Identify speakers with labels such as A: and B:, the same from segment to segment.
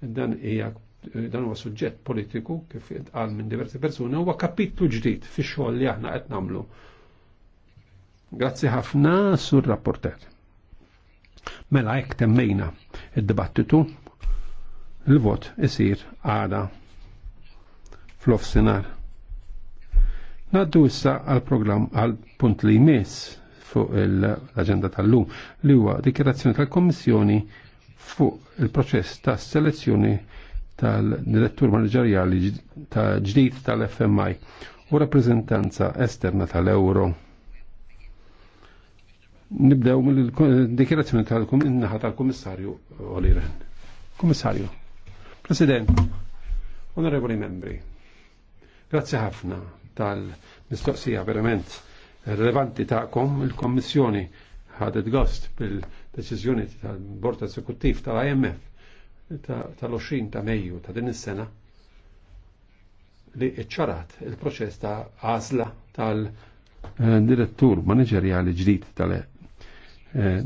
A: Dan hija dan huwa suġġett politiku kif qal minn diversi persuni huwa kapitlu ġdid fix-xogħol li aħna qed nagħmlu. Grazzi ħafna sur rapporter. Mela hekk temmejna id-dibattitu il-vot isir għada fl-offsinar. Naddu issa għal-program għal-punt li jmiss fuq l-agenda tal-lum li huwa dikjerazzjoni tal-Kommissjoni fuq il-proċess ta' selezzjoni tal-direttur manageriali ta' ġdid tal-FMI u rappresentanza esterna tal-Euro. Nibdew mill-dikjerazzjoni tal-naħa tal komissarju Oliren. Komissarju, President, Onorevoli Membri, grazzi ħafna tal-mistoqsija verament relevanti ta'kom il-Kommissjoni ħadet gost bil- deċiżjoni tal-Bord Eżekuttiv tal-IMF tal-20 ta' Mejju ta' din is-sena li ċċarat il-proċess ta' għażla tal-direttur manageriali ġdid eh,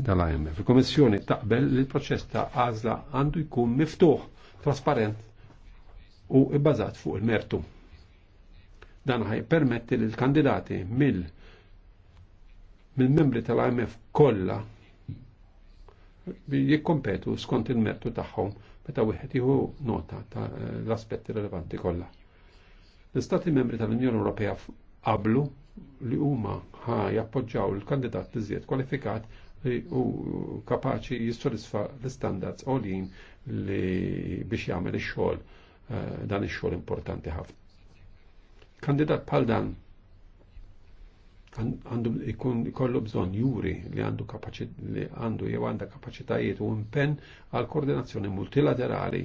A: tal-IMF. Il-Komissjoni taqbel li l-proċess ta' għażla għandu jkun miftuħ, trasparent u bbażat fuq il-mertu. Dan ħaj permetti l-kandidati mill mill-membri tal-IMF kollha jikkompetu skont il-mertu tagħhom meta wieħed jieħu nota ta' l-aspetti rilevanti kollha. L-Istati membri tal-Unjoni Ewropea qablu li huma ħa jappoġġaw il-kandidat li żied kwalifikat li hu kapaċi jissodisfa l-istandards għolin li biex jagħmel ix-xogħol eh, dan ix-xogħol importanti ħafna. Kandidat bħal dan għandu ikun kollu bżon juri li għandu li għandu jew għandha kapacitajiet u impenn għal koordinazzjoni multilaterali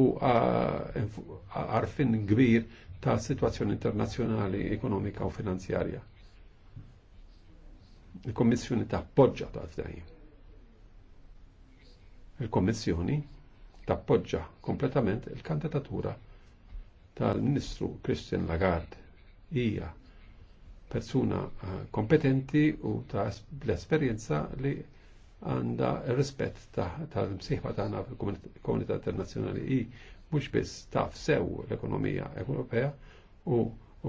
A: u għarfin gbir ta' situazzjoni internazzjonali, ekonomika u finanzjarja. Il-Kommissjoni ta' poġġa ta' fdejjem. Il-Kommissjoni ta' poġġa kompletament il-kandidatura tal-Ministru Christian Lagarde Ija, persuna eh, kompetenti u ta' l-esperjenza li għanda rispett tal-msiħba ta tagħna fil-komunità internazzjonali i mhux biss taf sew l-ekonomija Ewropea u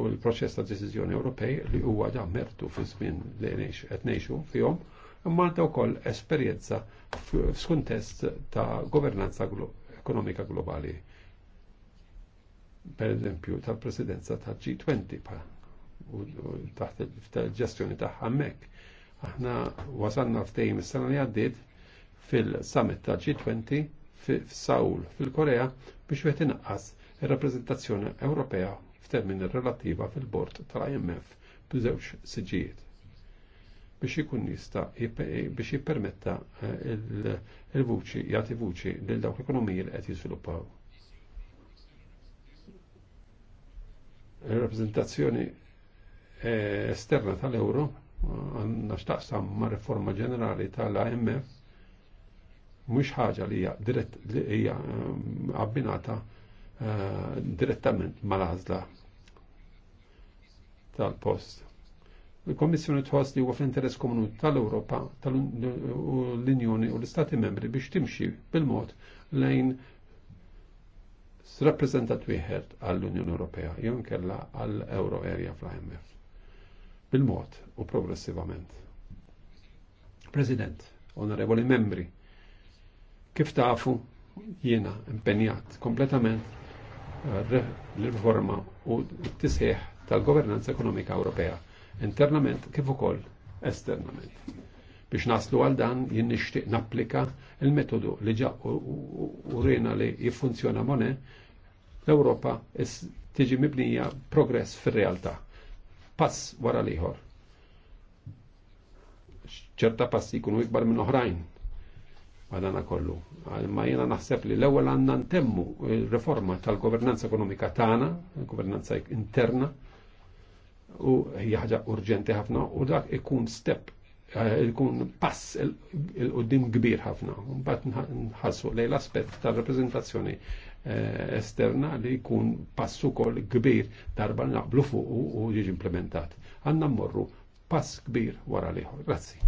A: l-proċess ta' deċiżjoni Ewropej li huwa mertu fi żmien li qed fihom, imma għandha wkoll esperjenza f'skuntest ta' governanza ekonomika globali. Per eżempju, tal-presidenza tal G20 pa' u taħt il-ġestjoni tagħha Aħna wasalna ftehim is-sena li għaddiet fil-summit ta' G20 f'Saul fil-Korea biex wieħed inaqqas ir-rappreżentazzjoni Ewropea f'termin relattiva fil-bord tal-IMF b'żewġ siġijiet biex ikun jista biex jippermetta eh, il-vuċi, jagħti vuċi lil dawk l-ekonomiji li qed jiżviluppaw.
B: Il-rappreżentazzjoni
A: E, esterna tal-euro għanna xtaqsam ma' reforma ġenerali tal-AMF mhux ħaġa li hija dirett li hija ehm, abbinata e, direttament mal-għażla tal-post. Il-Kommissjoni tħoss li huwa fl-interess komunu tal-Ewropa, tal-Unjoni u l-Istati membri biex timxi bil-mod lejn s-rappresentat wieħed għall-Unjoni Ewropea, jonkella kella għall-Euro area fl-IMF bil-mod u progressivament. President, onorevoli membri, kif tafu jiena impenjat kompletament l-riforma u t-tisħiħ tal-governanza ekonomika Ewropea, internament kif ukoll esternament. Biex naslu għal dan jien nixtieq napplika il-metodu li ġa urina li jiffunzjona mone l-Ewropa tiġi mibnija progress fir-realtà pass wara liħor. ċerta passi jkunu ikbar minn oħrajn għadana kollu. Ma jena naħseb li l-ewel għanna ntemmu il-reforma tal-governanza ekonomika tagħna, governanza interna, u hija ħaġa urġenti ħafna u dak ikun step eh, ikun pass il-qoddim kbir ħafna. Mbagħad nħassu lejn l-aspett tal-rappreżentazzjoni Eh, esterna li jkun passu kol kbir darba naqblu fuq u jiġi implementat. Għanna morru pass kbir wara liħu. Grazzi.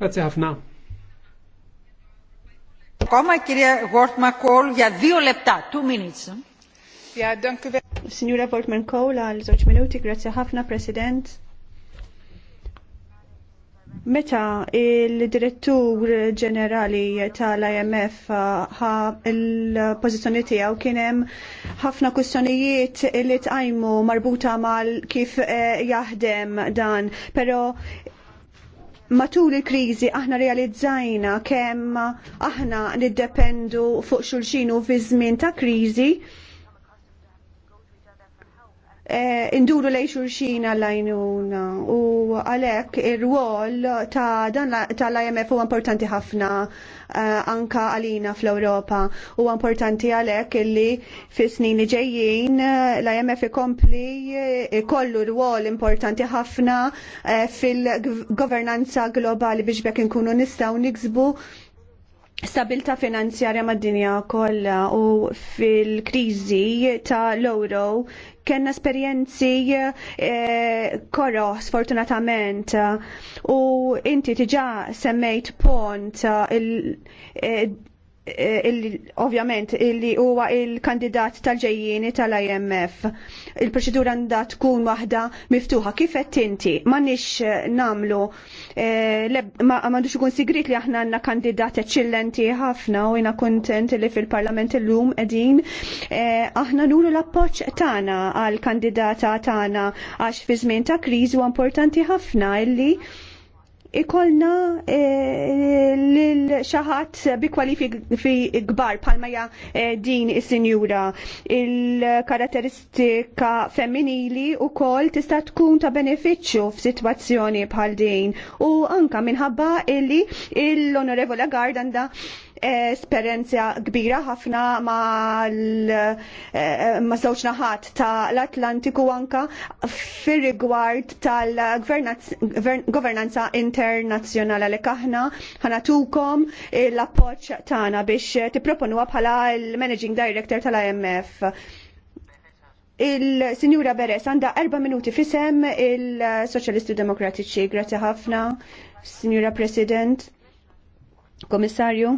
A: Grazzi ħafna.
C: Koma kirja Wortman kol
B: ja dviju lepta, tu minutes. Ja, danku. Signora Portman Cole, għal zoċ minuti, grazzi ħafna, President. Meta il-direttur ġenerali tal-IMF ħa il-pozizjoni tiegħu kien hemm ħafna kwistjonijiet li tqajmu marbuta mal kif eh, jaħdem dan, però matul il-krizi aħna realizzajna kemm aħna niddependu fuq xulxinu fi żmien ta' krizi Eh, induru lej xurxin għallajnuna u għalek ir-rwol tal-IMF huwa importanti ħafna eh, anka għalina fl-Europa u importanti għalek illi fi snin ġejjin eh, l-IMF ikompli kollu rwol importanti ħafna fil-governanza globali biex bekk nkunu nistaw niksbu stabilta finanzjarja mad-dinja kollha u fil-kriżi ta' l-euro kien esperienzi eh, korro sfortunatament u inti tiġa semmejt pont eh, Eh, ovvjament illi huwa il-kandidat tal ġejjini tal-IMF. Il-proċedura għandha tkun waħda miftuħa. Kif qed inti m'għandniex eh, nagħmlu eh, m'għandux ikun sigrit li aħna għandna kandidat eċċellenti ħafna u jiena kuntent li fil-Parlament illum qegħdin aħna nuru l-appoġġ tagħna għal kandidata tagħna għax fi żmien ta' kriżi huwa importanti ħafna illi ikolna eh, l-xaħat bi kwalifi gbar palmaja eh, din is-sinjura il-karatteristika femminili u kol tista tkun ta' beneficju f'sitwazzjoni bħal din u anka minħabba illi l-onorevole Gardanda esperjenza kbira ħafna eh, eh, ma' żewġ naħat tal-Atlantiku anka fir-rigward tal-governanza internazzjonali għalhekk aħna ħanatukom l-appoġġ tagħna biex tipproponuha bħala l-Managing Director tal-IMF. Il-Sinjura Beres għandha erba minuti fisem il-Soċjalisti Demokratiċi. Grazzi ħafna, Sinjura President, Komissarju.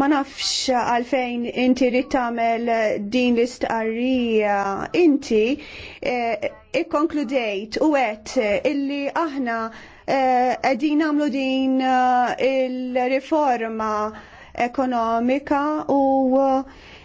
B: ma nafx għalfejn inti rittamel tagħmel din l-istqarrija inti eh, ikkonkludejt u għet illi aħna eh, qegħdin nagħmlu din eh, il-riforma ekonomika u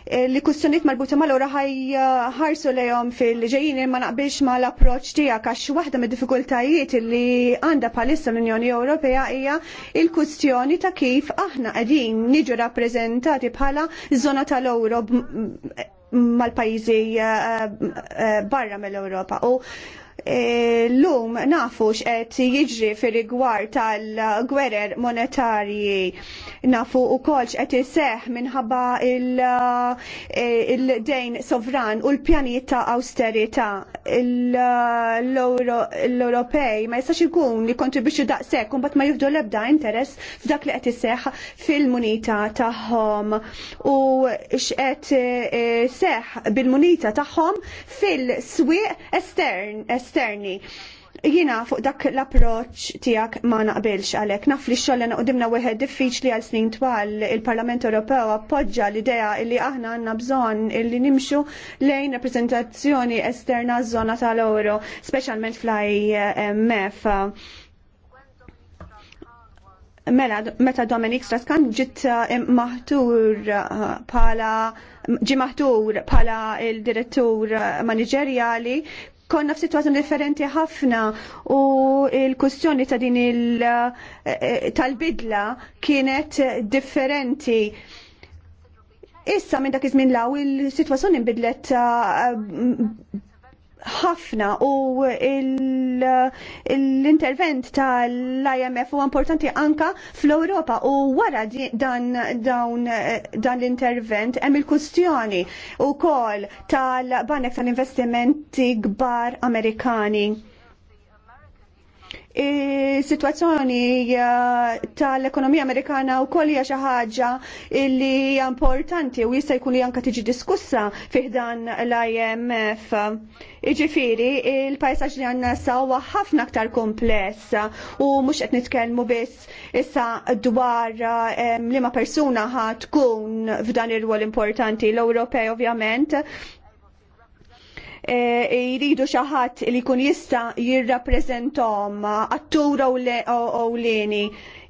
B: Eh, li kustjoniet marbuta mal ora ħaj eh, ħarsu lejhom fil-ġejjin ma naqbilx ma l-approċ tiegħek għax waħda mid-diffikultajiet li għandha bħalissa l-Unjoni Ewropea hija il-kustjoni ta' kif aħna qegħdin niġu rappreżentati bħala żona tal-Ewro mal-pajizi eh, eh, barra mill-Europa u eh, l-lum nafu x'qed jiġri fir rigwar tal-gwerer monetarji nafu u kolx et jiseħ minħabba il-dejn sovran u l-pjanijiet ta' austerita l europej ma jistax ikun li kontribwixxu daqshekk u mbagħad ma jifdu l-ebda interess f'dak li qed iseħħ fil-munita tagħhom u x'qed seħ bil-munita tagħhom fil-swieq estern, esterni. Jina fuq dak l-approċ tijak ma naqbilx għalek. Naf li xoll għana qdimna wieħed diffiċli għal snin twal il-Parlament Ewropew appoġġa l-idea illi aħna għanna bżon illi nimxu lejn rappresentazzjoni esterna z-zona tal-euro, specialment fl-IMF mela meta Dominik Straskan ġiet eh, maħtur eh, pala ġi maħtur pala il-direttur eh, manageriali konna f'sitwazzjoni differenti ħafna u il-kustjoni ta' din il tal-bidla kienet differenti. Issa minn dak iż-żmien law il-sitwazzjoni bidlet ħafna u l-intervent tal-IMF u importanti anka fl-Europa u wara dan, l-intervent hemm il-kustjoni u kol tal-banek tal-investimenti gbar Amerikani Situazzjoni tal-ekonomija Amerikana u koll hija xi ħaġa li hija importanti u jista' jkun li anke tiġi diskussa fih dan l-IMF. Iġifiri, il pajsaġ li għanna sa huwa ħafna aktar kompless u mhux qed nitkellmu biss issa dwar liema persuna ħad tkun f'dan ir-rwol importanti l-Ewropej ovvjament E, jridu xi ħadd li jkun jista' jirrappreżentahom attura u leni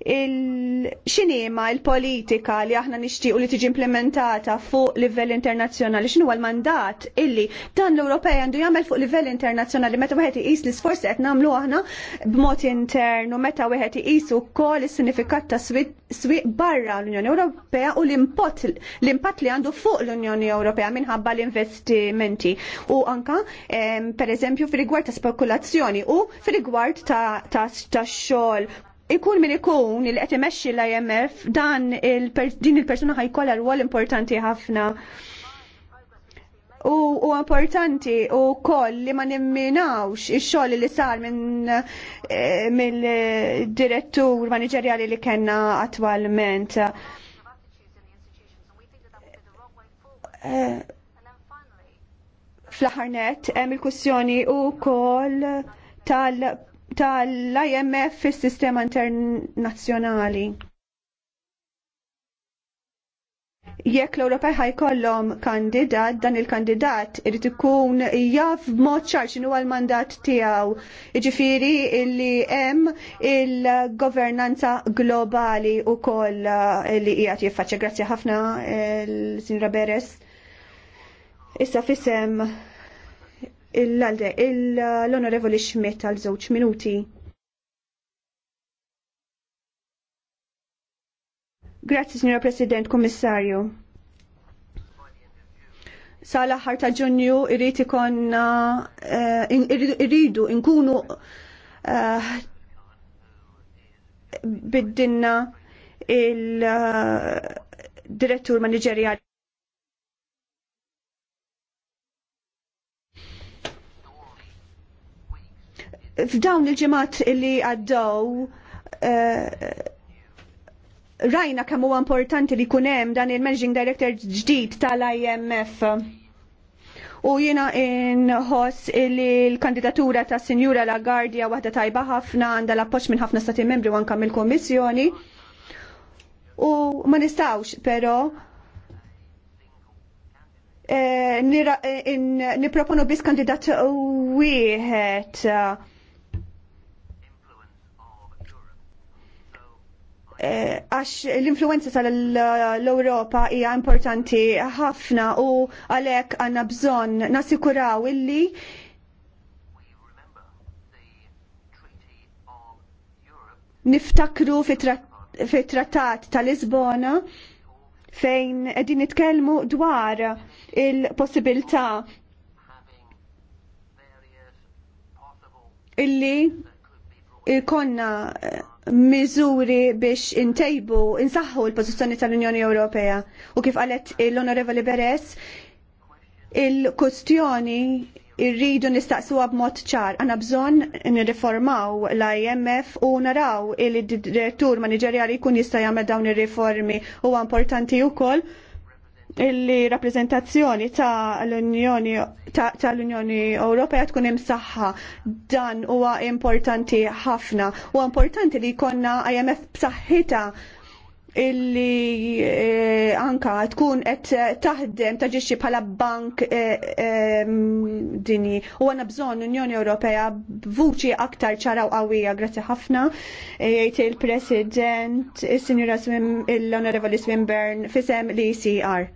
B: il-xinima, il-politika li aħna nixtiequ li tiġi implementata fuq livell internazzjonali, x'inhuwa l-mandat illi dan l-Ewropej għandu jagħmel fuq livell internazzjonali meta wieħed iqis l-isforzi qed nagħmlu aħna b'mod internu meta wieħed iqis ukoll is-sinifikat ta' swieq barra l-Unjoni Ewropea u l-impatt li għandu fuq l-Unjoni Ewropea minħabba l-investimenti u anka pereżempju fir-rigward ta' spekulazzjoni u fir-rigward ta' xogħol ikun min ikun il qed imexxi l-IMF dan il din il-persuna ħajkollha rwol importanti ħafna. U, u importanti u koll li ma nimminawx ix-xogħol li sar minn eh, mill-direttur maniġerjali li kellna attwalment. Eh, Fl-aħarnet hemm il-kussjoni u koll tal tal-IMF fis-sistema internazzjonali. Jekk l-Ewropej ħajkollhom kandidat, dan il-kandidat irid ikun jaf mod ċar x'inhu l-mandat tiegħu. Jiġifieri illi hemm il-governanza globali wkoll eh, li qiegħed jiffaċċja. Grazzi ħafna il eh, sinra Beres. Issa fisem l-Onorevoli Schmidt għal żewġ minuti. Grazzi, Signora President, Kommissarju. Sala ħarta ta' ġunju irrid ikonna eh, irridu nkunu eh, biddinna il-direttur eh, manageriali f'dawn il-ġemat li għaddew eh, rajna kemm huwa importanti li jkun hemm dan il-Managing Director ġdid tal-IMF. U jiena inħoss li l-kandidatura ta' Sinjura Lagardja waħda tajba ħafna għandha l-appoġġ minn ħafna stati membri anke mill-Kummissjoni. U ma nistgħux però eh, eh, niproponu biss kandidat wieħed Eh, għax l-influenza tal-Europa hija importanti ħafna u għalhekk għandna bżonn nassikuraw illi niftakru fit-trattat tal-Lisbona fejn qegħdin nitkellmu dwar il-possibilità illi konna miżuri biex intejbu, insaħħu l-pożizzjoni tal-Unjoni Ewropea. U kif qalet l-Onorevoli Beres, il-kustjoni irridu nistaqsuha b'mod ċar. Għandna bżonn nirriformaw l-IMF u naraw il-direttur maniġerjali jkun jista' jagħmel dawn ir-riformi huwa importanti wkoll li rappresentazzjoni ta' l-Unjoni tal-Unjoni Ewropea tkun hemm saħħa dan huwa importanti ħafna. Huwa importanti li jkollna IMF b'saħħita illi eh, anka tkun qed taħdem taġixxi bħala bank eh, eh, dini u għandna bżonn Unjoni Ewropea b'vuċi aktar ċara u qawwija grazzi ħafna eh, jgħid il-President is-Sinjura il l-Onorevoli Swinburne fisem l-ECR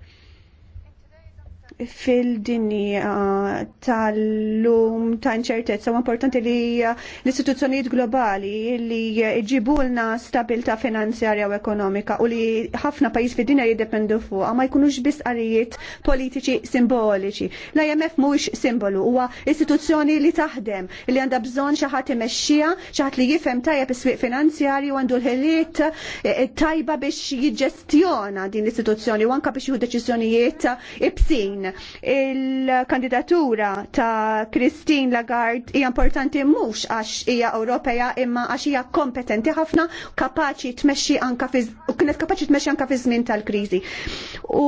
B: fil-dinja tal-lum ta' inċertezza u importanti li l-istituzzjonijiet globali li ġibulna stabilta finanzjarja u ekonomika u li ħafna pajis fid-dinja jiddependu fuq ma jkunux biss qarijiet politiċi simboliċi. L-IMF mhuwiex simbolu huwa istituzzjoni li taħdem li għandha bżonn xi ħadd imexxija, xi ħadd li jifhem tajjeb is-swieq finanzjarju għandu l-ħiliet eh, tajba biex jiġġestjona din l-istituzzjoni u anke biex jieħu deċiżjonijiet ibsin Il-kandidatura ta' Christine Lagarde hija importanti mhux għax hija Ewropea imma għax hija kompetenti ħafna kapaċi tmexxi anka fi kienet kapaċi tmexxi anka fi żmien tal-kriżi. U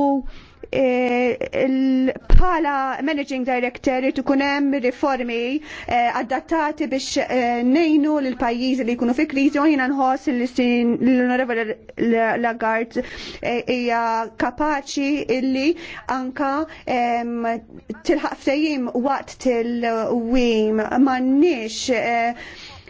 B: bħala managing director ikun hemm riformi eh, adattati biex eh, nejnu lil pajjiżi li jkunu fi kriżi u jiena nħoss l-Onorevole Lagarde eh, hija kapaċi illi anka tilħaq ftehim waqt til-wim m'għandniex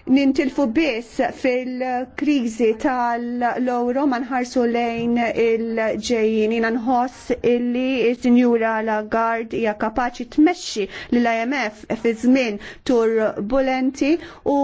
B: nintilfu biss fil-kriżi tal-loro ma nħarsu lejn il-ġejjin. Jina nħoss illi il-Sinjura Lagard hija kapaċi tmexxi l-IMF fi żmien turbulenti u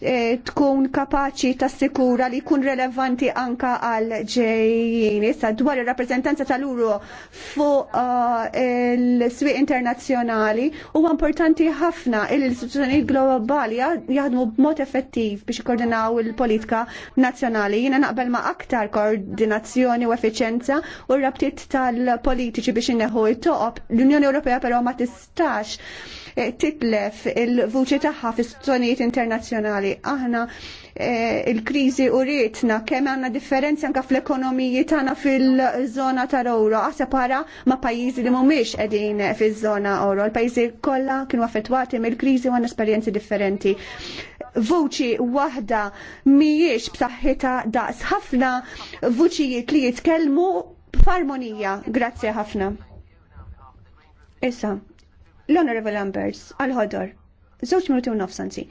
B: eh, tkun kapaċi tassikura li jkun relevanti anka għal ġejjin. Issa dwar ir-rappreżentanza tal uro fuq uh, il-swieq internazzjonali huwa importanti ħafna il-istituzzjonijiet globali jaħdmu b'mod effettiv biex koordinaw il-politika nazzjonali. Jiena naqbel ma' aktar koordinazzjoni u effiċenza u rabtiet tal-politiċi biex inneħu it-toqob. L-Unjoni Ewropea però ma tistax eh, titlef il-vuċi tagħha fi sonijiet internazzjonali. Aħna eh, il-kriżi u rritna kemm għandna differenzi anka fl-ekonomiji tagħna fil-żona tal-euro, għasapara ma' pajjiżi li mhumiex qegħdin fiż-żona euro. Il-pajjiżi kollha kienu affettwati mill-kriżi u għandna esperjenzi differenti voċi waħda mhijiex b'saħħita daqs ħafna voċijiet li jitkellmu f'armonija. Grazzi ħafna. Issa, l-Honorable Ambers, għal-ħodor, żewġ minuti u nofsanzi.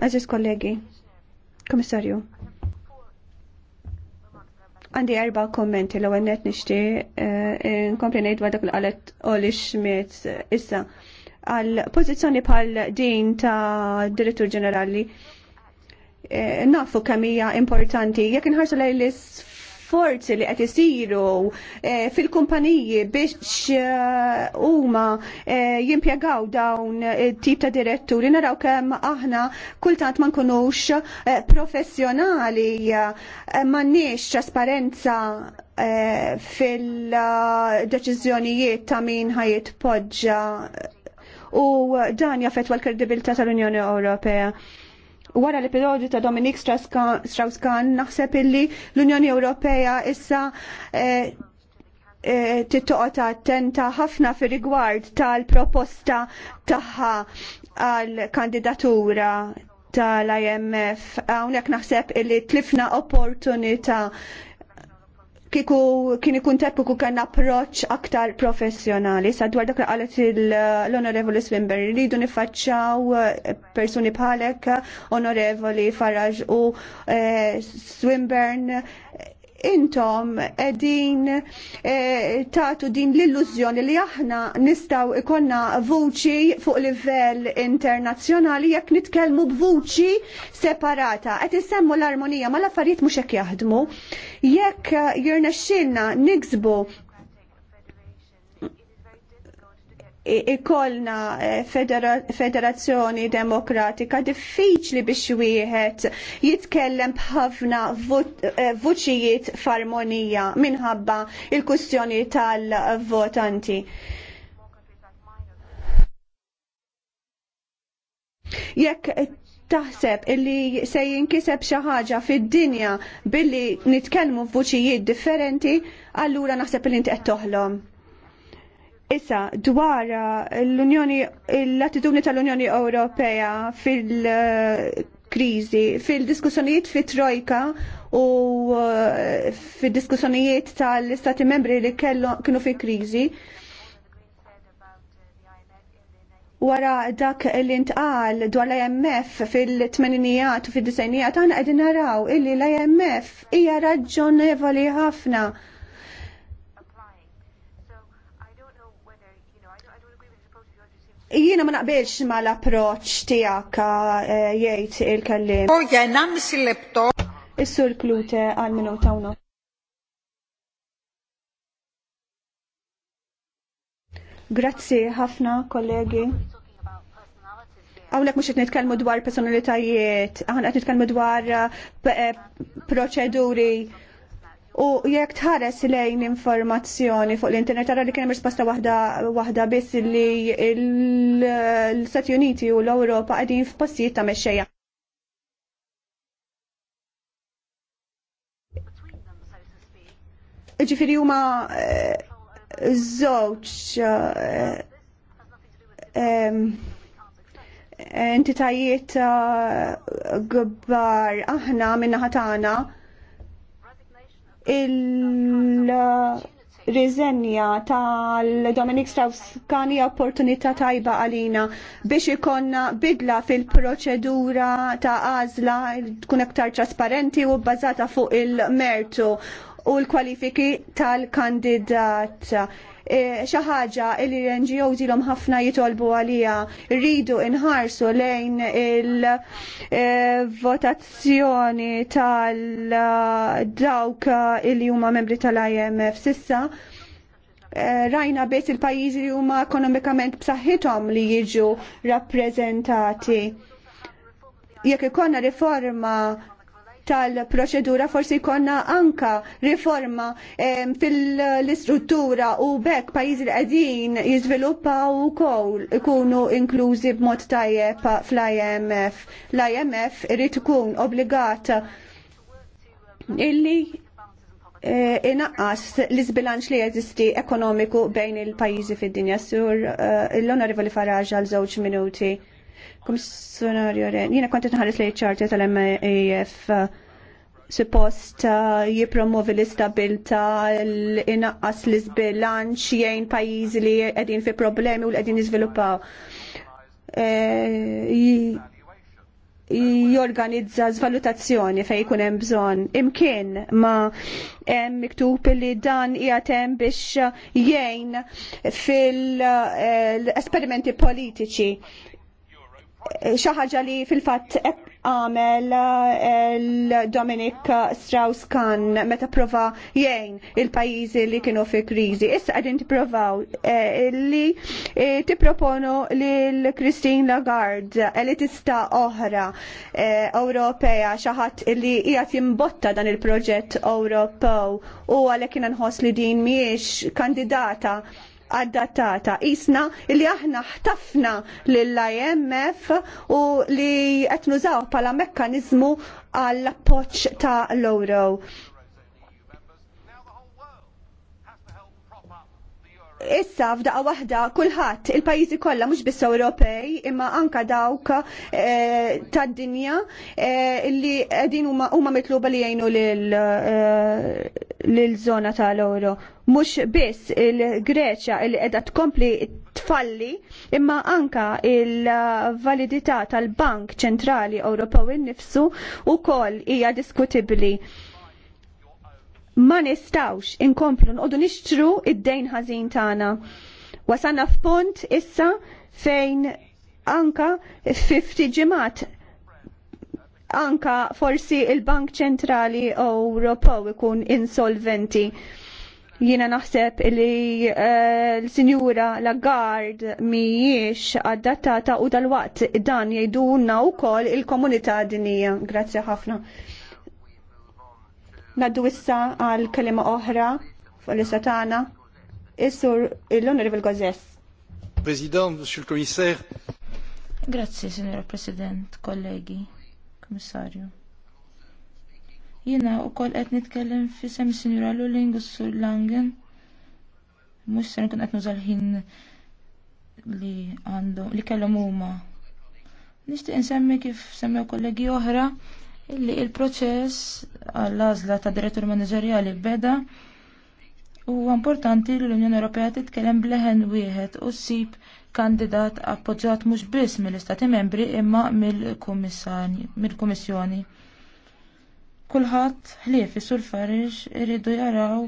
B: Aziz kollegi, komissarju, għandi erba kommenti l għennet nishti, eh, nkompli nejd għadak l-għalet Oli Schmidt, issa, għal pożizzjoni bħal din ta' Direttur Ġenerali. E, nafu kemm hija importanti jekk inħarsu lejn l-isforzi li qed isiru e, fil-kumpaniji biex e, huma jimpjegaw dawn tip ta' diretturi naraw kemm aħna kultant ma nkunux professjonali m'għandniex trasparenza fil-deċiżjonijiet ta' min ħajitpoġġa u dan jaffetwa l-kredibilità tal-Unjoni Ewropea. Wara l epidodju ta' Dominik Strauss-Kahn naħseb illi l-Unjoni Ewropea issa eh, eh, tittoqgħod attenta ħafna fir-rigward tal-proposta tagħha għal-kandidatura tal-IMF, għawnek naħseb illi tlifna opportunita kiku kien ikun teppu kien approċ aktar professjonali. Sa dwar dak qalet l-Onorevoli Swinburne rridu nifacċaw eh, persuni bħalek Onorevoli Farage u eh, Swinburne intom edin eh, tatu din l-illużjoni li aħna nistaw ikonna vuċi fuq livell internazzjonali jekk nitkellmu b'vuċi separata. Qed issemmu l-armonija ma l-affarijiet mhux hekk jaħdmu. Jekk eh, jirnexxilna niksbu ikollna eh, federazzjoni demokratika diffiċli biex wieħed jitkellem bħafna eh, vuċijiet f'armonija minħabba il-kustjoni tal-votanti. Jekk taħseb illi se jinkiseb xi ħaġa fid-dinja billi nitkellmu f'vuċijiet differenti, allura naħseb li inti qed toħlom. Issa, dwar uh, l-Unjoni, l-attitudni tal-Unjoni Ewropea fil-krizi, fil-diskussjonijiet fit trojka u uh, fil-diskussjonijiet tal-Stati membri li kienu fi krizi, wara dak li intqal dwar l-IMF fil-tmeninijat u fil-disajnijat, għana għedin naraw illi l-IMF hija raġonevoli ħafna Jiena ma naqbilx ma l-approċ tijak eh, jgħid il-kellim. U oh, jena misil-lepto. Is-sur klute għal minuta unu. Grazzi ħafna kollegi. Għawlek mux nitkellmu dwar personalitajiet, għan għet nitkellmu dwar eh, proċeduri U jekk tħares lejn informazzjoni fuq l-internet għara li kien hemm risposta waħda waħda biss li l-Stati Uniti u l-Ewropa qegħdin f'postijiet ta' mexxejja. Ġifieri huma eh, żewġ eh, entitajiet eh, gbar aħna minna ħatana il-riżenja tal-Dominik Strauss-Kani opportunità tajba għalina biex ikonna bidla fil-proċedura ta' għazla tkun aktar trasparenti u bbażata fuq il-mertu u l-kwalifiki tal-kandidat. E, xi ħaġa l-NGOs ilhom ħafna jitolbu għalija rridu inħarsu lejn il-votazzjoni e, tal-dawk e, li huma membri tal-IMF sissa rajna biss il-pajjiżi li huma ekonomikament b'saħħithom li jiġu rappreżentati. Jekk ikonna riforma tal-proċedura forsi konna anka riforma fil-istruttura u bekk pajjiżi li qegħdin jiżviluppaw ukoll ikunu inklużi b'mod tajjeb fl-IMF. L-IMF irid ikun obbligat illi e, inaqqas l-izbilanċ li jeżisti ekonomiku bejn il-pajjiżi fid-dinja sur eh, l-onorevoli Faraġa għal żewġ minuti. Komissjonarju Ren, jina kontet nħares li tal-MAF suppost uh, jipromovi l-istabilta, l-inaqqas l-izbilanċ, jgħin pajizi li għedin fi problemi u l-għedin jizviluppaw e, jorganizza zvalutazzjoni fej jkun hemm bżonn. Imkien ma hemm miktub li dan jgħatem hemm biex jgħin fil-esperimenti eh, politiċi Eh, xaħġa ħaġa li fil-fatt għamel eh, Dominic Strauss-Kahn meta prova jgħin il-pajjiżi li kienu fi kriżi. Issa qegħdin provaw eh, li tipproponu lil Christine Lagarde tista' oħra Ewropea xi ħadd li hija timbotta dan il-proġett Ewropew u għalhekk kien nħoss li din mhijiex kandidata adattata. Isna li aħna ħtafna lill-IMF u li qed nużaw bħala mekkaniżmu għall appoġġ ta' l-euro. issa f'daqqa waħda kulħadd il-pajjiżi kollha mhux biss Ewropej imma anka dawk e, tad-dinja e, li qegħdin huma mitluba li jgħinu lil-żona eh, tal-Ewro. Mhux biss il-Greċja li qiegħda tkompli tfalli imma anka il-validità tal-Bank Ċentrali Ewropew innifsu wkoll hija diskutibbli ma nistawx inkomplu nqodu nixtru id-dejn ħażin tagħna. Wasanna f'punt issa fejn anka 50 ġimgħat anka forsi il-Bank Ċentrali Ewropew ikun insolventi. Jiena naħseb li uh, l-Sinjura Lagarde mhijiex adattata u dal-waqt dan jgħidulna wkoll il-komunità dinija. Grazzi ħafna. Naddu issa għal kelima oħra fuq l-istatana. Is-sur l-Onorevole Gozes.
A: President, Monsieur le Commissaire.
B: Grazie,
C: Signora President, kollegi, Kommissarju. Jena u koll qed nitkellem fi semi Signora Luling u Sur Langen. Mux se nkun qed nużal ħin li għandhom li kellhom huma. Nixtieq insemmi kif u kollegi oħra illi il-proċess għall-għażla ta' direttur manageriali beda huwa importanti li l-Unjoni Ewropea titkellem bleħen wieħed u ssib kandidat appoġġjat mhux biss mill-Istati Membri imma mill-Kummissjoni. Kulħadd ħlief sur Farix iridu jaraw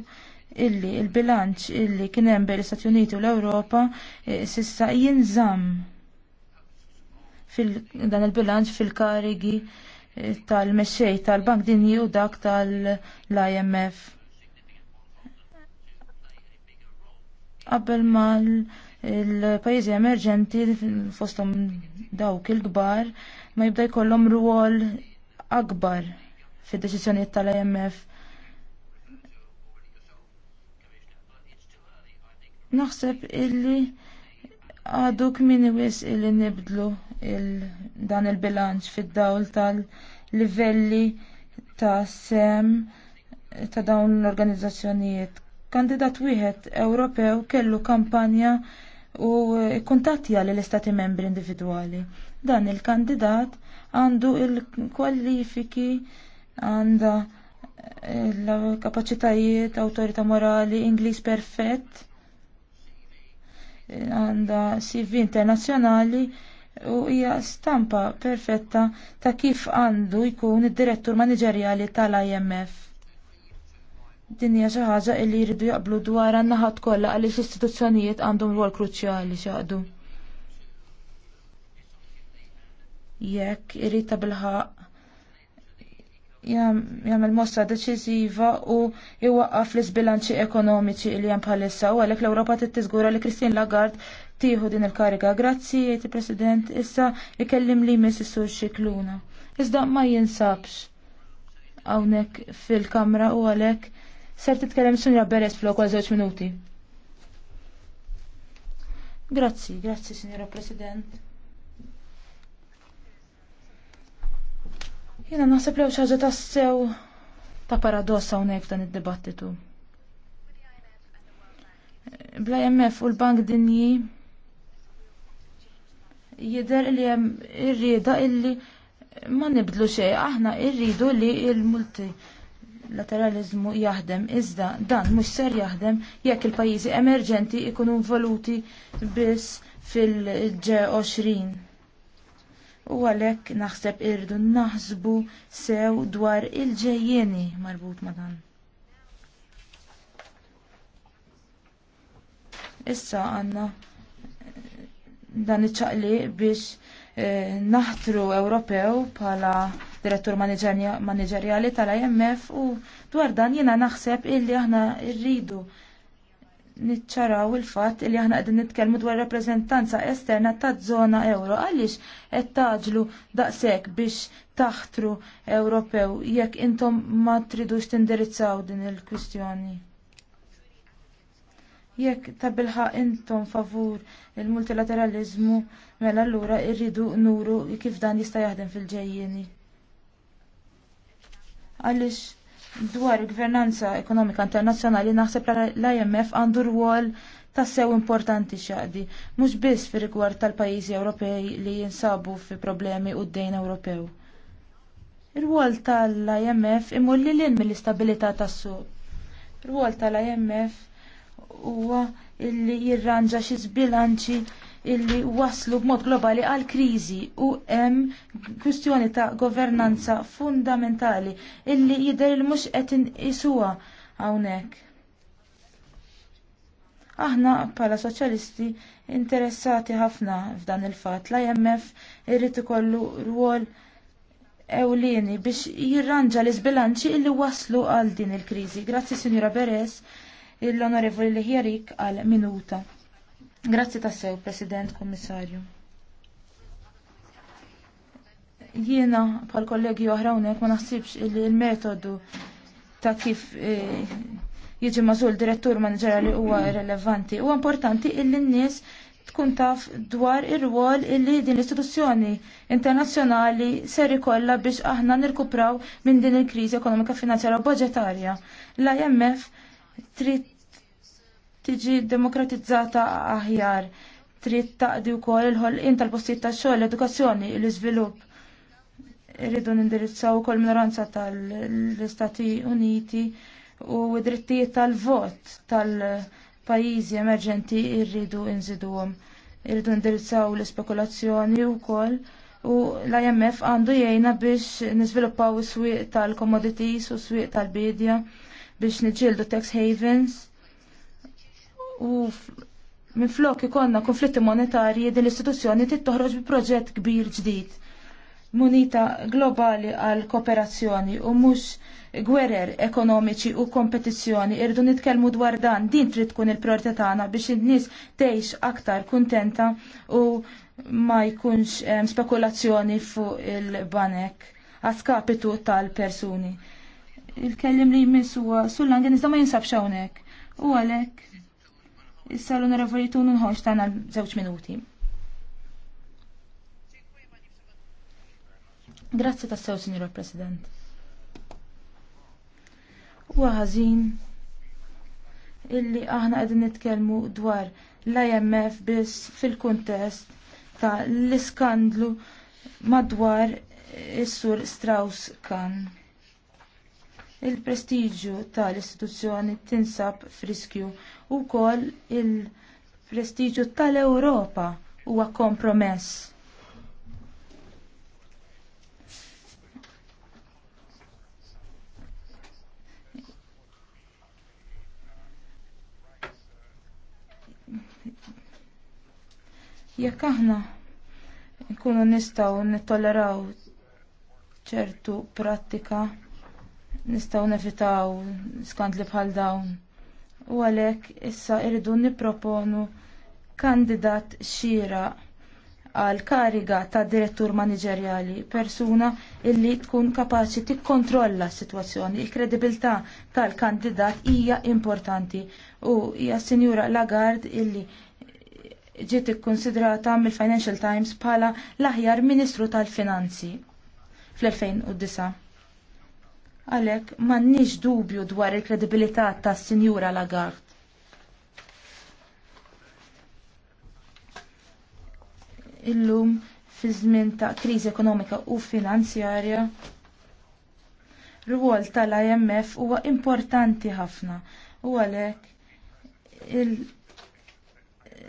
C: illi l il bilanċ illi kien hemm bejn l-Istati Uniti u l-Ewropa eh, sissa jinżamm fil dan il-bilanċ fil-karigi tal-mexxej tal-Bank Dinji u dak tal-IMF. Qabel ma l-pajjiżi emerġenti fosthom dawk il-kbar ma jibda jkollhom rwol akbar fid-deċiżjonijiet tal-IMF. Naħseb illi għadu kmini wis illi nibdlu il dan il-bilanċ fid-dawl tal-livelli ta' sem ta' dawn l-organizzazzjonijiet. Kandidat wieħed Ewropew kellu kampanja u kuntattja lill istati membri individwali. Dan il-kandidat għandu il-kwalifiki għanda l-kapacitajiet, autorita morali, Ingliż perfett, għanda CV internazzjonali u hija stampa perfetta ta' kif għandu jkun id-direttur maniġerjali tal-IMF. Din hija xi ħaġa li jridu jaqblu dwar naħat kollha għaliex l-istituzzjonijiet għandhom rwol kruċjali x'għadu. Jekk irid ta' bilħaq jagħmel mossa deċiżiva u iwaqqaf l-isbilanċi ekonomiċi li hemm bħalissa u għalhekk l-Ewropa trid tiżgura li Christine Lagarde tieħu din il-kariga. Grazzi, jgħid president issa ikellim li miss is-sur Xikluna. Iżda ma jinsabx hawnhekk fil-kamra u għalhekk ser titkellem Sunja Beres flok għal żewġ minuti. Grazzi, grazzi, Sinjora President. Jena naħseb lew ta' tassew ta' paradossa hawnhekk f'dan id-dibattitu. Bla imf u l-Bank Dinji jidher li hemm irrida illi ma nibdlu xej aħna rridu li l-multi lateralizmu jaħdem, iżda dan mhux ser jaħdem jekk il-pajjiżi emerġenti ikunu involuti biss fil-G20 u għalhekk naħseb irdu naħsbu sew dwar il-ġejjeni marbut ma' dan. Issa għandna eh, dan iċċaqli biex eh, naħtru Ewropew bħala direttur maniġerjali tal-IMF u dwar dan jiena naħseb illi aħna rridu il niċċaraw il-fatt li aħna qegħdin nitkellmu dwar rappreżentanza esterna taż-żona euro għaliex qed taġlu daqshekk biex taħtru Ewropew jekk intom ma tridux tindirizzaw din il-kwistjoni. Jekk ta' intom favur il-multilateralizmu mela allura irridu nuru kif dan jista' jaħdem fil-ġejjieni. Għaliex Dwar il-gvernanza ekonomika internazzjonali naħseb l-IMF għandu rwol tassew importanti xaqdi, mhux biss fir rigward tal-pajjiżi Ewropej li jinsabu fi problemi u d-dejn Ewropew. Ir-rwol tal-IMF imulli l-in mill-istabilità tas-suq. rwol tal-IMF huwa illi jirranġa xi żbilanċi illi waslu b'mod globali għal kriżi u hemm kwistjoni ta' governanza fundamentali illi jidher il mhux qed inqisuha hawnhekk. Aħna bħala soċjalisti interessati ħafna f'dan il-fatt l-IMF irrid ikollu rwol ewlieni biex jirranġa l isbilanċi illi waslu għal din il kriżi Grazzi, Sinjura Beres, l-Onorevoli Lijierik għal minuta. Grazzi tassew, President, Kommissarju. Jiena bħal kollegi oħra hawnhekk ma naħsibx il-metodu ta' kif e, jiġi mażul direttur manġerali huwa irrelevanti. Huwa importanti il nies tkun taf dwar ir-rwol illi din l-istituzzjoni internazzjonali ser ikollha biex aħna nirkupraw minn din il-kriżi ekonomika finanzjara u budġetarja. L-IMF trid tiġi demokratizzata aħjar. Trid taqdi wkoll il-ħolqien tal-postijiet tax-xogħol, l-edukazzjoni, l-iżvilupp. Irridu nindirizzaw ukoll minoranza tal-Istati Uniti u d-drittijiet tal-vot tal-pajjiżi emerġenti irridu nżiduhom. Irridu nindirizzaw l ispekulazzjoni wkoll u l-IMF għandu jgħinna biex niżviluppaw is-swieq tal-commodities u s-swieq tal-bidja biex niġġieldu tax havens u minflok ikonna konflitti monetarji din l-istituzzjoni tittoħroġ bi proġett kbir ġdid. Munita globali għal kooperazzjoni u mhux gwerer ekonomiċi u kompetizzjoni irdu nitkellmu dwar dan din trid tkun il prioritetana tagħna biex in-nies tgħix aktar kuntenta u ma jkunx spekulazzjoni fuq il-banek għaskapitu tal-persuni. Il-kellim li jmissuwa sullangen iżda ma jinsabx hawnhekk. U għalhekk Issa l-onorevoli Tunu nħonx għana żewġ minuti. Grazzi tas-Sew, Signor President. U ħażin illi aħna qegħdin nitkellmu dwar l-IMF biss fil-kuntest ta' l-iskandlu madwar is-sur Strauss Kahn il-prestiġju tal-istituzzjoni tinsab friskju u kol il-prestiġju tal-Europa huwa kompromess. Jekk aħna nkunu nistgħu nittoleraw ċertu prattika nistaw nefitaw skant li bħal dawn. U għalek issa irridu niproponu kandidat xira għal kariga ta' direttur maniġerjali, persuna illi tkun kapaċi tikkontrolla s-situazzjoni. Il-kredibilità tal-kandidat hija importanti u hija sinjura Lagard illi ġiet ikkonsidrata mill-Financial Times bħala l-aħjar Ministru tal-Finanzi fl-2009. Għalek, mannix dubju dwar il-kredibilità ta' Sinjura Lagarde. Illum, fi żmien ta' kriżi ekonomika u finanzjarja, rwol tal-IMF huwa importanti ħafna u għalhekk il-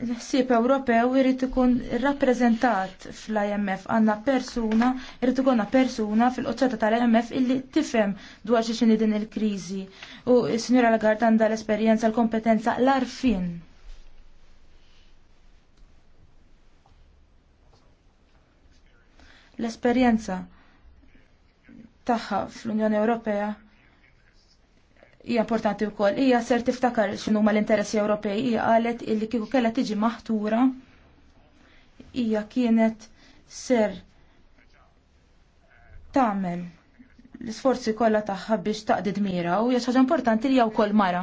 C: l-ħsieb Ewropew irid ikun rappreżentat fl-IMF għandna persuna, irid ikunna persuna fil-qoċċata tal-IMF illi tifhem dwar xi xini din il-kriżi. U s-Sinjura Lagarde għandha l-esperjenza, l-kompetenza, l-arfin. L-esperjenza tagħha fl-Unjoni Ewropea hija importanti wkoll hija ser tiftakar x'inhu ma l-interessi Ewropej hija qalet illi kieku kellha tiġi maħtura hija kienet ser tagħmel l-isforzi kollha tagħha biex taqdi dmira u hija ħaġa importanti li hija wkoll mara.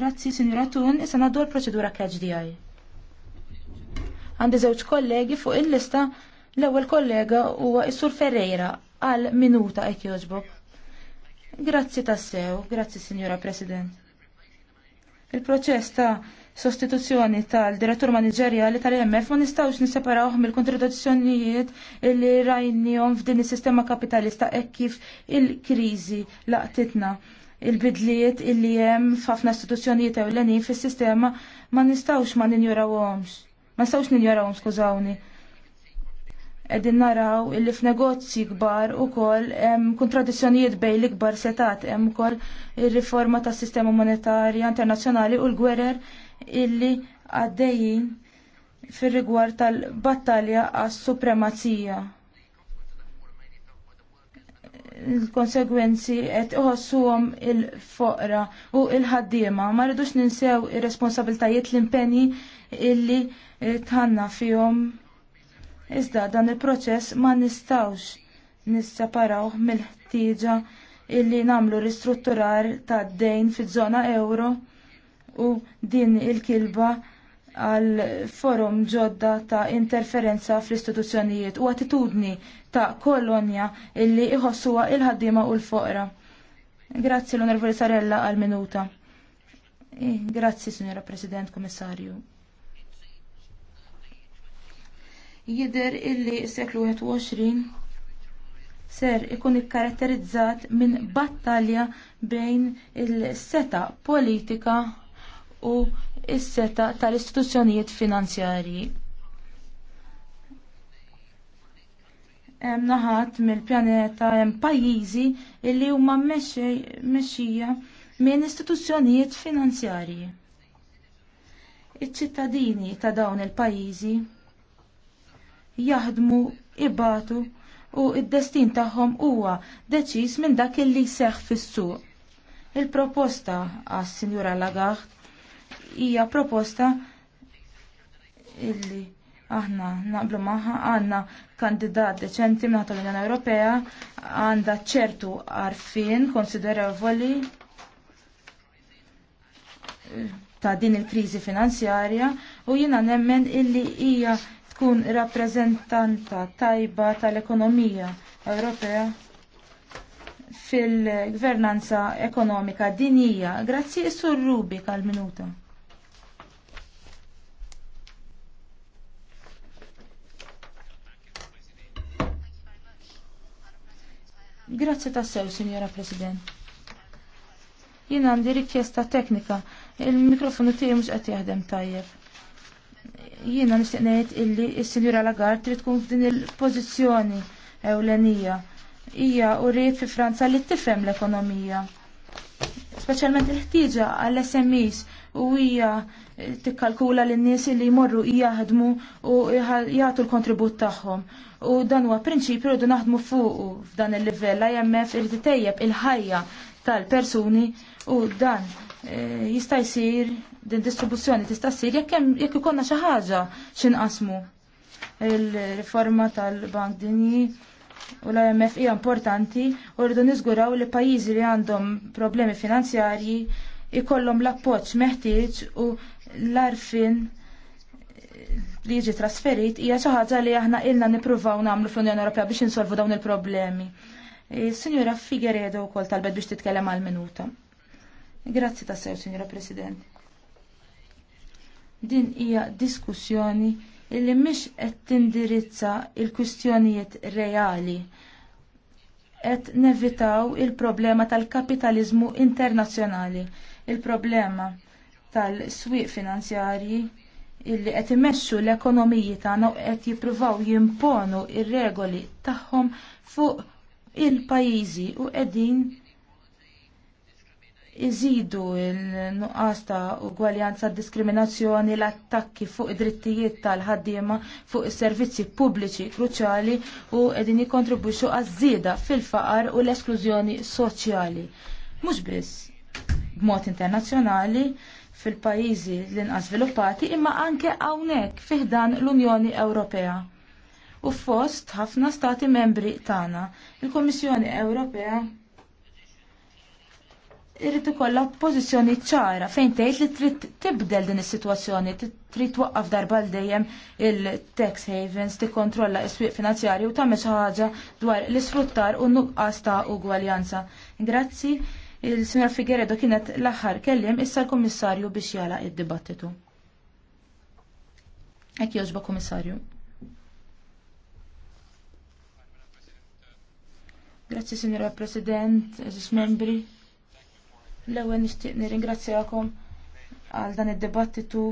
C: Grazzi, Signora Tun, issa naddu l-proċedura catch DI. Għandi żewġ kollegi fuq il-lista L-ewwel kollega huwa is-Sur Ferreira għal minuta qed jogħġbok. Grazzi tassew, grazzi Sinjora President. Il-proċess ta' sostituzzjoni tal-direttur Maniġerjali tal mf ma nistawx nisseparawh mill-kontradizzjonijiet li rajnihom f'din is-sistema kapitalista hekk kif il-kriżi laqtitna il-bidliet illi hemm f'ħafna istituzzjonijiet ewlenin fis-sistema ma nistawx ma ninjorawhomx. Ma nistawx ninjorawhom skużawni. Edin naraw illi f'negozji kbar u kol kontradizzjonijiet bej li kbar setat hemm ukoll ir-riforma tas-sistema monetarja internazzjonali u l-gwerer illi għaddejjin fir-rigward tal-battalja għas-supremazija il-konsegwenzi qed iħossuhom il-foqra u il-ħaddiema. Ma rridux ninsew ir-responsabiltajiet l-impenji illi tħanna fihom Iżda dan il-proċess ma nistawx nisseparaw mill-ħtieġa illi namlu ristrutturar ta' dejn fiż-żona euro u din il-kilba għal forum ġodda ta' interferenza fl-istituzzjonijiet u attitudni ta' kolonja illi iħossuha il-ħaddima u l-foqra. Grazzi l-Onorevoli Sarella għal-minuta. Eh, grazzi, Signora President, Komissarju jidher illi s-seklu 21 ser ikun ikkaratterizzat minn battalja bejn il-seta politika u s-seta tal-istituzzjonijiet finanzjarji. Hemm naħat mill-pjaneta hemm pajjiżi li huma mexxija minn istituzzjonijiet finanzjarji. Iċ-ċittadini ta' dawn il-pajjiżi jaħdmu, ibatu u id-destin tagħhom huwa deċiż minn dak illi seħ fis-suq. Il-proposta għas sinjura Lagarde hija proposta illi aħna naqblu maħħa għandna kandidat deċenti minna l unjoni Ewropea għandha ċertu għarfien konsiderevoli ta' din il kriżi finanzjarja u jiena nemmen illi hija tkun rappreżentanta tajba tal-ekonomija Ewropea fil-gvernanza ekonomika dinija. Grazzi Sur Rubi għall minuta Grazzi tassew, Signora President. Jina għandi rikjesta teknika. Il-mikrofonu tiegħi mhux qed jaħdem tajjeb jiena nixtieq ngħid illi s-Sinjura Lagarde trid tkun f'din il-pożizzjoni ewlenija. Hija uriet fi Franza li tifhem l-ekonomija. Speċjalment il-ħtieġa għall smis u hija tikkalkula lin nies li jmorru jaħdmu u jagħtu l-kontribut tagħhom. U dan huwa prinċipju rridu naħdmu fuqu f'dan il-livell IMF irid tejjeb il-ħajja il livell imf imf irid tejjeb il ħajja tal-persuni u dan eh, jista' jsir din distribuzzjoni tista' ssir jekk hemm jekk ikollna xi ħaġa x'inqasmu. Il-riforma tal-Bank Dinji u l-IMF hija importanti u rridu niżguraw li pajjiżi li għandhom problemi finanzjarji ikollhom l-appoġġ meħtieġ u l-arfin li jiġi trasferit hija xi ħaġa li aħna ilna nippruvaw nagħmlu fl-Unjoni Ewropea biex insolvu dawn il-problemi. Signora Figueredo wkoll talbet biex titkellem għal minuta. Grazzi ta' sew, Signora President. Din hija diskussjoni illi mhix qed tindirizza il-kwistjonijiet reali qed nevitaw il-problema tal-kapitaliżmu internazzjonali, il-problema tal-swieq finanzjarji illi qed imexxu l-ekonomiji tagħna u qed jippruvaw jimponu ir-regoli tagħhom fuq il-pajjiżi u qegħdin iżidu il-nuqqas ta' ugwaljanza diskriminazzjoni l-attakki fuq id-drittijiet tal-ħaddiema fuq is-servizzi pubbliċi kruċjali u qegħdin jikkontribwixxu għaż-żieda fil-faqar u l-esklużjoni soċjali. Mhux biss b'mod internazzjonali fil-pajjiżi l-inqas sviluppati imma anke hawnhekk fih dan l-Unjoni Ewropea u fost ħafna stati membri tagħna. Il-Kummissjoni Ewropea irrid ikollha pożizzjoni ċara fejn tgħid li trid tibdel din is-sitwazzjoni, trid twaqqaf darba l dejjem il-tax havens, tikkontrolla s-swieq finanzjarji u tagħmel xi ħaġa dwar l-isfruttar u nuqqas ta' ugwaljanza. Grazzi, il-Sinjor Figueredo kienet l-aħħar kelliem issa l-Kummissarju biex jala id-dibattitu. Ekk jogħġba Kommissarju. Grazzi, Signora President, esis membri. L-ewwel nixtieq nirringrazzjakom għal dan id debattitu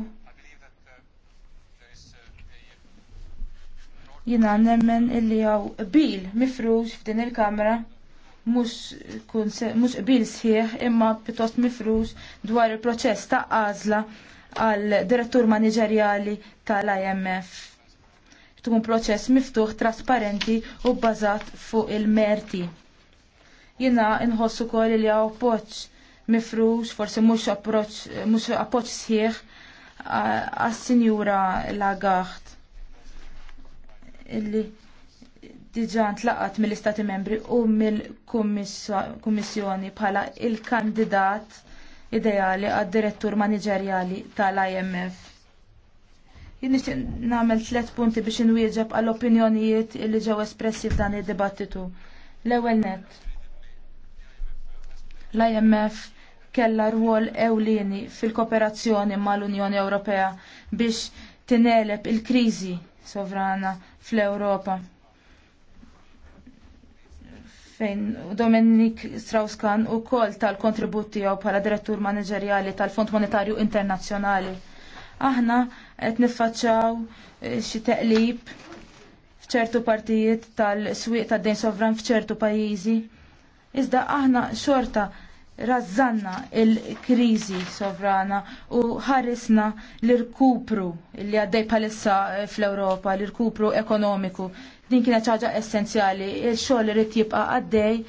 C: Jiena nemmen illi hawn qbil mifrux f'din il-kamra mhux qbil sħiħ imma pittost mifrux dwar il-proċess ta' għażla għal direttur maniġerjali tal-IMF tkun proċess miftuħ, trasparenti u bbażat fuq il-merti. Jina nħossu kol li għaw poċ mifrux, forse mux appoċ sħiħ għas-sinjura lagaħt. Illi diġan tlaqat mill-Istati Membri u mill-Kummissjoni bħala il-kandidat ideali għad-direttur maniġerjali tal-IMF Jien nixtieq nagħmel tliet punti biex inwieġeb għall opinjonijiet li ġew espressi f'dan id-dibattitu. L-ewwel nett. L-IMF kellha rwol ewlieni fil-kooperazzjoni mal-Unjoni Ewropea biex tinelep il-kriżi sovrana fl-Ewropa. Fejn Dominik Strauss-Kahn ukoll tal-kontribut għaw bħala direttur maniġerjali tal-Fond Monetarju Internazzjonali aħna qed niffaċċaw eh, xi teqlib f'ċertu partijiet tal-swieq tad-dejn sovran f'ċertu pajjiżi. Iżda aħna xorta razzanna il-krizi sovrana u ħarisna l-irkupru li għaddej palissa eh, fl-Europa, l-irkupru ekonomiku. Din kienet ħaġa essenzjali, il-xogħol irid jibqa' għaddej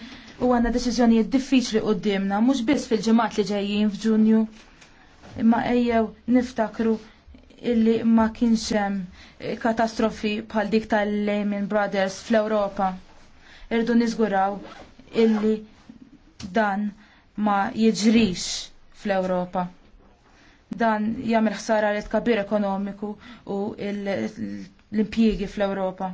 C: u għandna deċiżjonijiet diffiċli quddiemna. mhux biss fil-ġimgħat li ġejjin f'Ġunju imma ejjew niftakru illi ma kienx hemm eh, katastrofi bħal dik tal-Lehman Brothers fl-Ewropa. Irdu niżguraw illi dan ma jiġrix fl-Ewropa. Dan jagħmel ħsara li kabir ekonomiku u l-impjiegi fl-Ewropa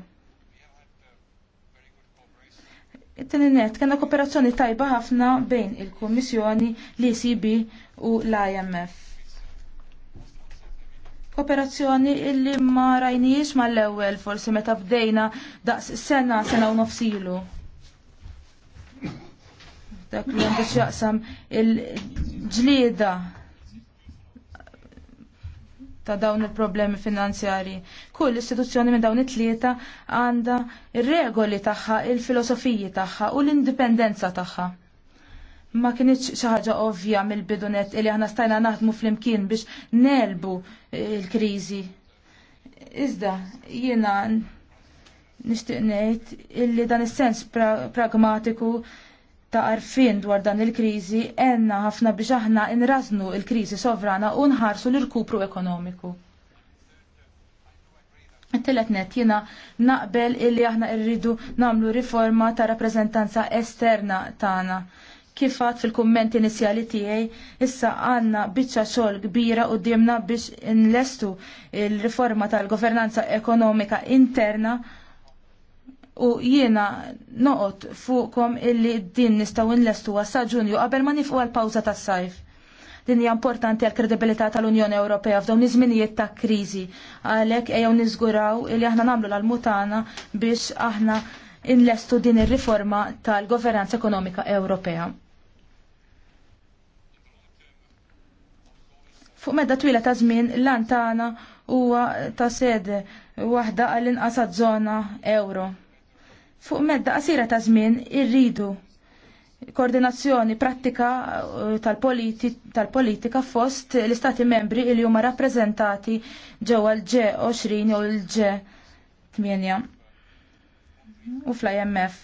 C: it-tini kena kooperazzjoni tajba ħafna bejn il komissjoni l-ECB u l-IMF. Kooperazzjoni illi ma rajnijiex ma l-ewel forsi meta bdejna daqs sena, sena u nofsilu. Dak li għandu xjaqsam il-ġlieda ta' dawn il-problemi finanzjari. Kull istituzzjoni minn dawn it-tlieta għandha il regoli tagħha, il-filosofiji tagħha u l-indipendenza tagħha. Ma kienx xi ħaġa ovvja mill-bidunet li aħna stajna naħdmu flimkien biex nelbu l-kriżi. Iżda jiena nixtieq ngħid illi dan is-sens pra pragmatiku ta' arfin dwar dan il-kriżi għenna ħafna biex aħna inraznu il-kriżi sovrana u nħarsu l-irkupru ekonomiku. Telet net jina naqbel illi aħna irridu namlu riforma ta' rappresentanza esterna tagħna. Kif Kifat fil-kumment inizjali tiegħi, issa għanna biċċa xogħol kbira u biex inlestu il-riforma tal-governanza ekonomika interna u jiena noqot fuqkom illi din nistgħu nlestu sa ġunju qabel ma nifqu għal pawża tas-sajf din hija importanti għal kredibilità tal-Unjoni Ewropea f'dawn iż-żminijiet ta' kriżi. Għalhekk ejjew niżguraw li aħna nagħmlu l-mutana biex aħna inlestu din ir-riforma tal-Governanza Ekonomika Ewropea. Fuq medda twila ta' żmien l-antana huwa ta' sede waħda għall-inqas żona euro. Fuq medda qasira ta' żmien irridu koordinazzjoni prattika eh, tal-politika tal fost l-istati membri li huma rappreżentati ġewwa l-G20 jew l-G8 u fl-IMF.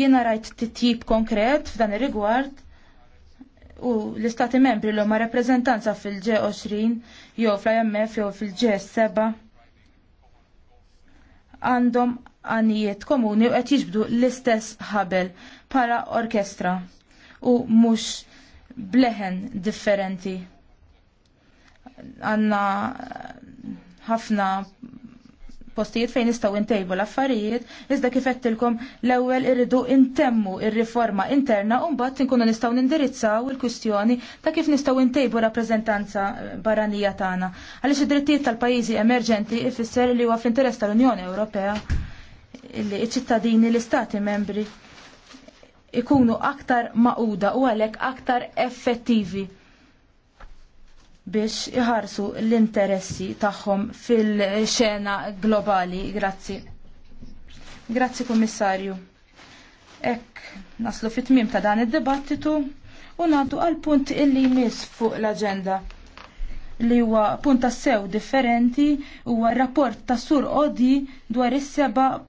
C: Jiena rajt titjib konkret f'dan ir-rigward u l-istati membri li huma rappreżentanza fil-G20 jew fl-IMF jew fil-G7 għandhom għanijiet komuni u qed jiġbdu l-istess ħabel para orkestra u mhux bleħen differenti. Għanna ħafna postijiet fejn nistgħu intejbu l-affarijiet, iżda kif qedtilkom l-ewwel irridu intemmu r riforma interna u mbagħad inkunu nistgħu nindirizzaw il-kwistjoni ta' kif nistgħu intejbu rappreżentanza barranija tagħna. Għaliex id-drittijiet tal-pajjiżi emerġenti ifisser li huwa fl-interess tal-Unjoni Ewropea li ċittadini l-istati membri ikunu aktar maquda u għalek aktar effettivi biex iħarsu l-interessi tagħhom fil-xena globali. Grazzi. Grazzi Kummissarju. Ek naslu fit-tmim ta' dan id-dibattitu u nagħtu għal punt illi jmiss fuq l-aġenda li huwa punt sew differenti huwa rapport ta' sur Odi dwar is-seba'